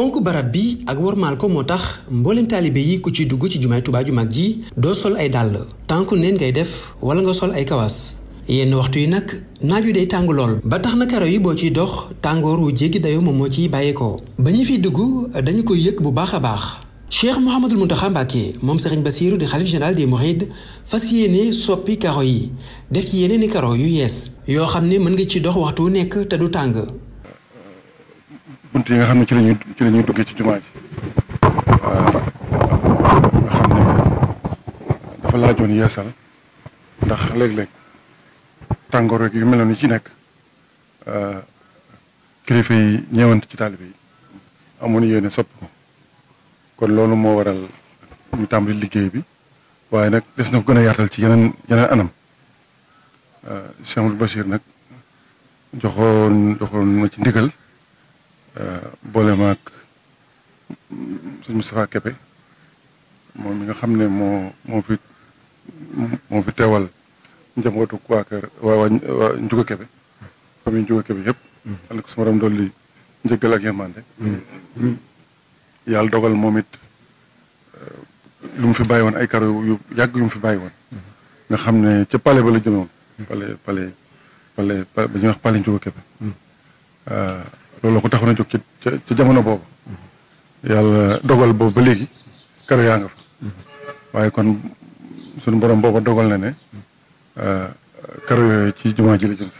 fonk barab bi ak wormaal ko moo tax mboolem taalibe yi ku ci dugg ci jumaay Tuubaa ju mag ji doo sol ay dàll tànku neen ngay def wala nga sol ay kawas yenn waxtu yi nag naaj wi day tàng lool ba tax na karo yi boo ciy dox tàngoor wu jéggi dayo moom moo ciy bàyyeekoo ba ñu fiy dugg dañu koy yëg bu baax a baax Cheikh Mouhamadul Mountakha Mbacké moom ba Bassirou di xalif général des Mourides fas yéene soppi karo yi def ci yeneen i karo yu yees yoo xam ne mën nga ci dox waxtu wu nekk te du tàng bunt yi nga xam ne ci la ñuy ci la ñuy ci jumaa ji nga xam ne dafa laajoon yeesal ndax léeg-léeg tàngoor rek yu mel noonu ci nekk euh, kilifa yi ñeewante ci taalibe yi amoon yéene sopp ko kon loolu moo waral ñu tàmbali liggéey bi waaye nag des na ko gën a yaatal ci yeneen yeneen anam euh, Cheikh Bachir nag joxoon joxoon ma ci ndigal Euh, boole maag sëñ Moustapha moom mi nga xam ne moo moo fi moo fi teewal njabootu waa kër waa waa Njuga Keppe famille Njuga Keppe mm-hmm. ko su ma dolli njëggal ak yërmande. Mm-hmm. yàlla dogal moomit it euh, lu mu fi bàyyi woon ay karo yu yàgg yu mu fi bàyyi woon. Mm-hmm. nga xam ne ca pale ba la jëme woon. pale pale ba ñuy wax pale Njuga Keppe. loolu ko taxoon a jóg ca jamono boobu yàlla dogal boobu ba léegi kër yaa nga fa waaye kon suñu borom booba dogal na ne euh, kër yooyu ci jumaa ji la jëm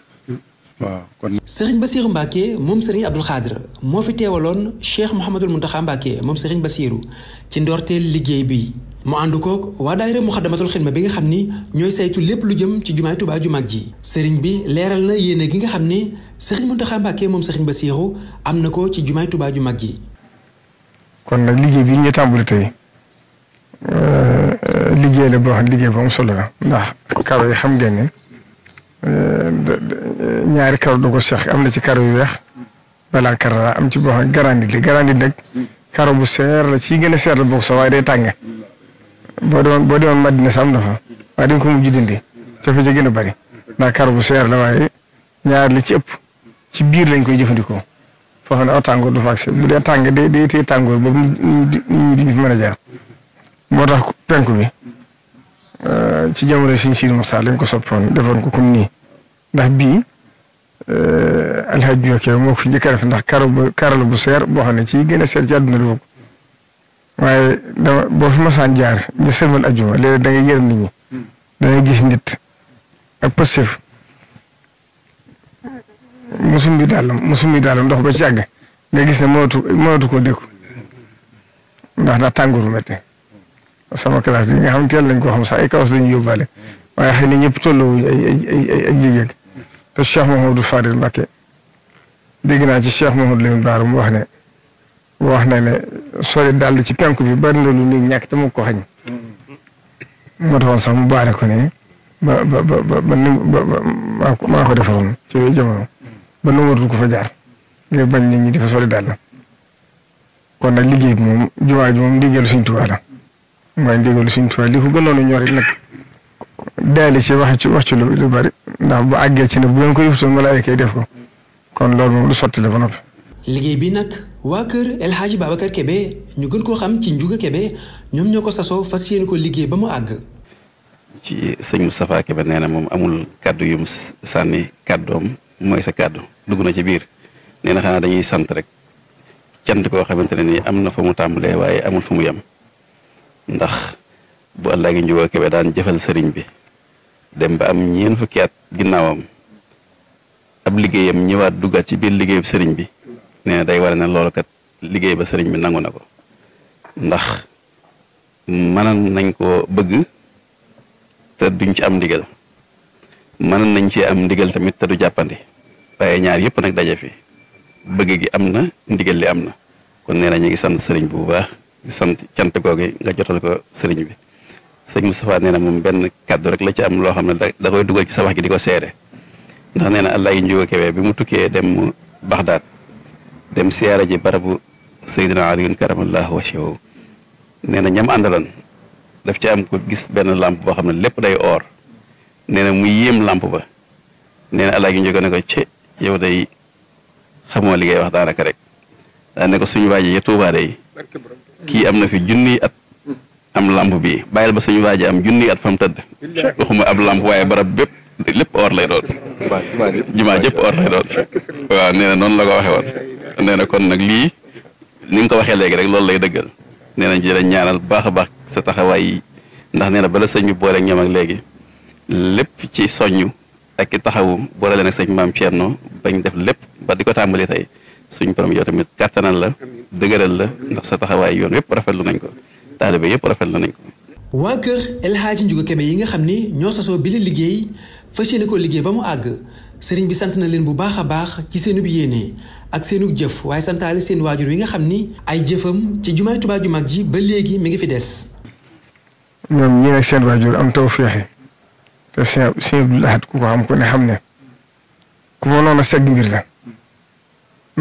waaw kon. sëriñ Bassirou Mbacke moom sëriñ Abdoul Khadr moo fi teewaloon Cheikh Mouhamadul Mountakha Mbacke moom sëriñ Bassirou ci ndoorteel liggéey bi. mu ànd koog waa daayira mu xadamatul ma bi nga xam ni ñooy saytu lépp lu jëm ci jumaay Tuubaa ju mag ji sëriñ bi leeral la yéene gi nga xam ni sëriñ Muntaxa Mbàkke moom sëriñ Basiiru am na ko ci jumaay Tuubaa ju mag ji kon nag liggéey bi ñu tàmbali tey euh, liggéey la boo xam liggéey bu karo yi xam ngeen euh, ñaari karo du ko seex am na ci karo yu weex balaa karo am ci boo xam garandi li garandi nag karo bu seer la ci gën a seer la bokk sa waaye day tànge boo demoon boo demoon Madina sax am na fa waaye dañ ko mujj dindi te fa ca gën a bari ndax kar bu seer la waaye ñaar li ci ëpp ci biir lañ koy jëfandikoo foo xam ne aw tàngoor du fa agsi bu dee tàng day day téye tàngoor boobu nit ñi duñu fi mën a jaar moo tax penku bi euh, ci jamono suñ siin Musaa lañ ko soppoon defoon ko comme nii ndax bii a bi yokkee moo ko fi njëkk a def bu kar la bu seer boo xam ne ci gën a seer ci àdduna lu waaye dama boo fi masaan jaar ñu sëlmal ajuma léegi da ngay yërëm nit ñi da ngay gis nit ak pësëf musum bi dàllam musum bi dàllam ndox ba ci àgg nga gis ne mënatu mënatu koo dékku ndax ndax tàngooru métti sama classe bi nga xam teel nañ koo xam sax ay kawas lañu yóbbaale waaye xëy na ñëpp tolloowuñu ay ay ay ay jigéen te Cheikh Mouhamadou Fadil Mbacké dégg naa ci Cheikh Mouhamadou Lamine Bara mu wax ne wax na ne sole dàll ci penku bi bari na lu nit ñàkk te mu mu baare ko ne ba ba ba ba ba maa ci yooyu jamono ba nu ko jaar ngir nit ñi di fa sori dàll liggéey bi moom jumaa ji moom ndigal Sëriñ Tuubaa la mooy ndigal Sëriñ Tuubaa li ko gënoon a wax ci wax ci bari ndax bu àggee ci ne bu ngeen ko yëftoon malaayika yi def ko kon loolu moom lu sotti ba noppi. liggéey bi nag. wa keur El Hadji babakar kebe ñu gën ko xam ci njuga kebe ñom ñoko sasso fasiyene ko liggey ba mu ag ci sëñ Moustapha kebe neena mom amul kàddu yum sanni sànni moy sa kàddu duguna ci bir neena xana dañuy sante rek cyant ko xamantene ni amna fa mu tàmbalee waye amul fa mu yam ndax bu allah gi njuga kebe daan jëfël sëriñ bi dem ba am ñeen fukki at ginnawam ab liggeyam ñewat duggaat ci bir liggey sëriñ bi ne day war na kat liggey ba serigne bi nangu na ndax manan nañ ko bëgg te duñ ci am ndigal manan nañ ci am ndigal tamit te du jappandi waye ñaar yëpp nak dajé fi bëgg gi amna? na ndigal li amna na kon neena ñi ngi sant serigne bu baax di sant cyant gogé nga jotal ko serigne bi serigne mustapha neena mom ben rek la ci am lo xamne da koy duggal ci sabax gi diko ko ndax neena allah yi ñu kewee bi mu tuké dem baghdad dem siyaara ji barabu Seydina Aliyun karamallahu wajhahu nee na ñam àndalan daf ci am ko gis benn làmp boo xam ne lépp day oor nee na mu yéem làmp ba nee na alaa gi ne ko ci yow day xamoo li ngay wax daanaka rek daan ko suñu waaji ya Tuubaa day am na fi junniy at am làmp bi bàyyil ba suñu waaji am junniy at fa mu tëdd waxuma ab làmp waaye barab bépp lépp lay doon jumaa jëpp or lay doon waaw nee na noonu la ko waxe nee na kon nag lii li nga ko waxee léegi rek loolu lay dëggal nee na jërë ñaanal baax a baax sa taxawaay yi ndax nee na bala sëñ boole ñoom ak léegi lépp ci soññu ak i taxawu boole leen ak sëñ maam Thierno bañ def lépp ba di ko tàmbali tey suñ borom yow tamit kàttanal la dëgëral la ndax sa taxawaay yoon yëpp lu nañ ko taalibe yëpp rafetlu nañ ko. waa kër El Hadji Ndiouga Kébé yi nga xam ni ñoo sasoo bile liggéey fas yéene ko liggéey ba mu àgg. sëriñ bi sant na leen bu baax a baax ci seenub yéene ak seenu jëf waaye santaale seen waajur wi nga xam ni ay jëfam ci jumaay Tuubaa ju mag ji ba léegi mi ngi fi des. ñoom ñi nag seen waajur am taw féexe te sëñ sëñ Abdul ku ko xam ku ne xam ne ku ma noonu segg mbir la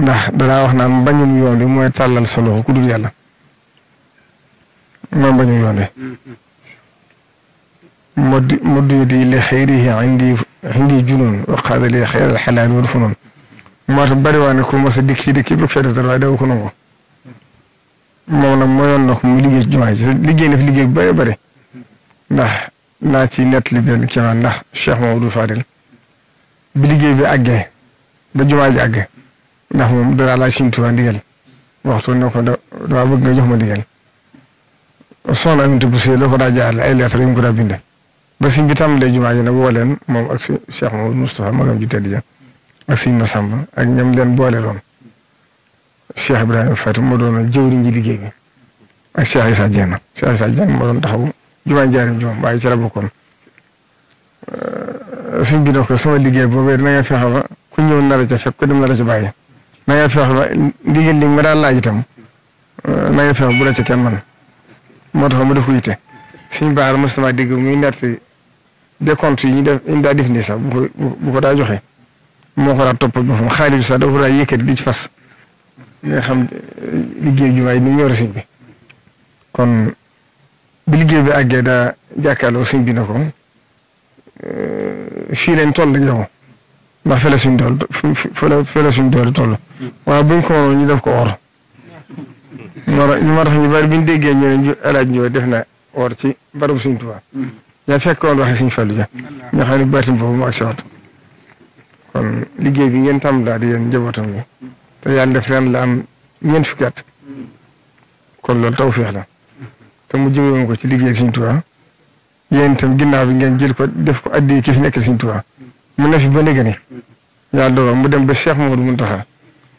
ndax dalaa wax naan mbañum yoon wi mooy tàllal solo ku dul yàlla mooy mbañum yoon مد مد يدي لخيره عندي عندي جنون وقاد لي خير الحلال والفنون moo tax bari waa ne ku mos a dikk si dëkk bi fay def dara waaye daw ko nangoo moom nag mooyoon na ko mu liggéey ci jumaa ji liggéey na fi liggéey bu bëree bëri naa ci nettali benn kéemaan ndax Cheikh Mamadou Fadel bi liggéey bi àggee ba jumaa ji àgg ndax moom dara laa Sëriñ Tuubaa ndigal waxtu ne da daa bëgg nga jox ma ndigal soxna Aminata Bousso la ko daa jaarale ay lettre yu ko daa bindee ba suñ bi tàmbalee jumaa ji nag woo leen moom ak si Cheikh Mamadou Moustapha magam ju ak suñ Massamba ak ñam boole loon Cheikh Ibrahima Fatim moo doon ji liggéey ak Cheikh Issa Dieng Cheikh Issa taxaw jumaa jaarim jumaa waaye euh, suñ bi ne ko sama liggéey boobee ku ñëw dem na nga fexe ba ndigal li ma laaj itam euh, na nga fexe yitte suñ baar mos sama dégg muy nett décompte yi ñu def ñu daa def nii sax bu ko bu ko daa joxe moo ko daa toppal ba xam xaalis bi sax di ci fas nga xam eh, liggéey jumaa yi ni mu yor sëñ bi kon bi liggéey bi àggee daa jàkkaarloo sëñ bi na ko eh, fii leen toll ak yow ndax fële suñ dool fële fële suñ dool toll waaye buñ ko mënoon ñu def ko or moo tax ñu bari biñ déggee ñu ne alaaj ñoo def na or ci barabu suñ ña fekkoon waxi Sëñ Fallou ja ñoo xam ne baatim boobu mu agsiwaat kon liggéey bi ngeen tam daal di yéen njabootam yi te yàlla def ren la am ñeent fukki kon loolu tawfeex la te mu jëmee ko ci liggéey Sëñ Tuubaa yéen itam ginnaaw bi ngeen jël ko def ko addi ki fi nekk Sëñ mu ne fi ba léegi ni yàlla dogal mu dem ba Cheikh Mamadou Mountakha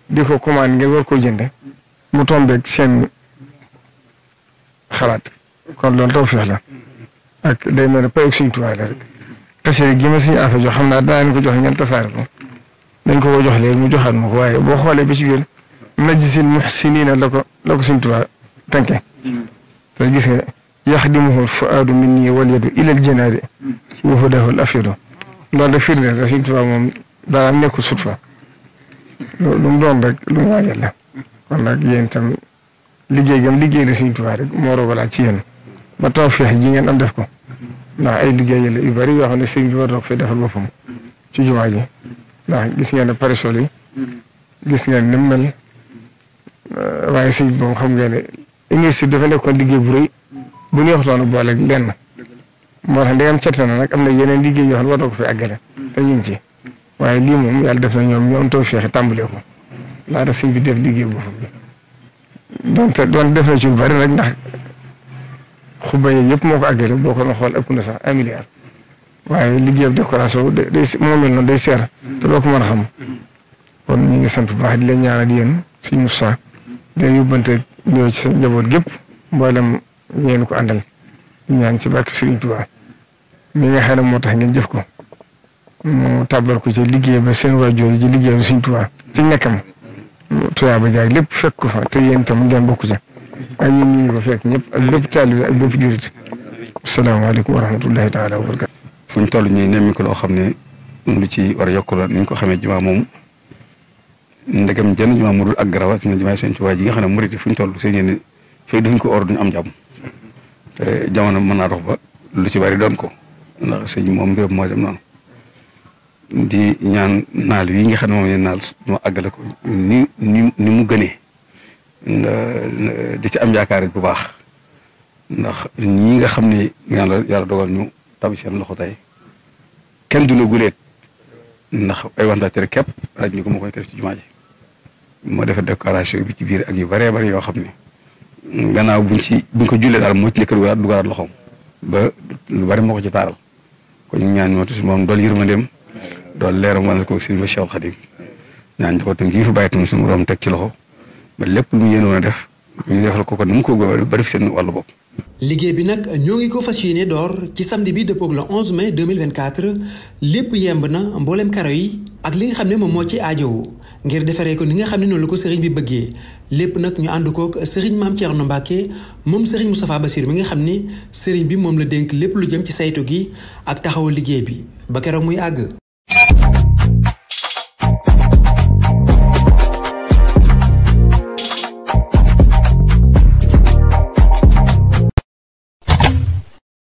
di ko commande ngeen war koo jënde mu tombeeg seen xalaat kon loolu tawfeex la ak day mel ne payug suñu tubaab la rek xasee xam naa danaa leen ko jox ngeen tasaare ko dañ ko ko jox léegi mu joxaat ma ko waaye boo xoolee ba ci biir najsil muhsiniina la ko la ko suñu tubaab tànkee. te gis nga yaxdimuhu fuaadu minni wal yadu ilal jinaade wa hudahu al afidu loolu moom dara nekkul sut fa lu mu rek lu mu waajal la kon nag yéen itam liggéey gam liggéey la suñu tubaab rek moo rogalaat ci ba tawféex ji ngeen am def ko ndax ay liggéey la yu bari yoo xam ne sëñ bi war na ko fi defal boppam ci jumaa ji ndax gis ngeen ne parasol yi gis ngeen ni mu mel euh, waaye sëñ bi moom xam ngeen ne université dafa nekkoon liggéey bu rëy bu ñu waxtaanu boole lenn moo tax ndegam certe na nag am na yeneen liggéey yoo xam ne war na ko fi àggale te ñu ngi ci waaye lii moom yàlla def na ñoom ñoom tawféex tàmbalee ko laata sëñ bi def liggéey boobu donte def na ci lu bari nag ndax. xuba yi yëpp moo ko àggale boo ko doon xool ëpp na sax un milliard waaye liggéeyam décoration day day moo mel noonu day seer te doo ko mën a xam kon ñu ngi sant bu baax di leen ñaanal yéen suñu Moussa day yóbbante ñëw njaboot gépp mboolem ñeen ko àndal di ñaan ci barke Sëriñ Tuubaa mi nga xam ne moo tax ngeen jëf ko mu tàbbal ko ci liggéey ba seen waajur ji liggéey ba Sëriñ Tuubaa ci nekkam tuyaa ba jaay lépp fekk ko fa te yéen itam ngeen bokk ci ak ñun ñu ngi fekk ñëpp ak bépp taalibe ak bépp jurit salaamaaleykum wa rahmatullahi taala wa fu ñu toll ñuy nemmiku loo xam ne lu ci war a yokk la ni ñu ko xam jumaa moom ndegam jënd jumaa mu dul ak garawa suñu jumaa seen ci waa ji nga xam ne murit fu ñu toll seen yéen fay duñ ko or duñu am jam te jamono mën naa dox ba lu ci bari doon ko ndax sëñ moom mbiram moo dem noonu di ñaan naal wi nga xam ne moom la naal ma àggale ko ni ni mu gënee. di ci am yaakaar bu baax ndax ñii nga xam ne yàlla yàlla dogal ñu tab seen loxo tey kenn du guleet ndax ay wanteer képp raj ñu ko ma koy def ci jumaa ji moo defee décoration bi ci biir ak yu bëree bëri yoo xam ne gannaaw bu ci buñ ko jullee daal moo ci njëkk a dugalaat loxoom ba lu bare moo ko ci taaral kon ñu ñaan ñoo tuuti moom dool yërmandeem dool leeram wàllu ko sëñ ba Cheikh Xadim ñaan joxoon tamit kii fi bàyyi tamit suñu borom teg ci loxo. ba lépp lu mu yéenoon a def ñu ko ko ni mu ko góobee ba def seen bi nag ñoo ngi ko fas yéene door ci samedi bi dëppoog le 11 mai 2024 lépp yemb na mboolem karo yi ak li nga xam ne moom moo ci aajowu ngir defaree ko ni nga xam ne noonu la ko sëriñ bi bëggee lépp nag ñu ànd kook sëriñ maam Thierno Mbacke moom sëriñ Moustapha Bassir mi nga xam ne sëriñ bi moom la dénk lépp lu jëm ci saytu gi ak taxawu liggéey bi ba keroog muy àgg.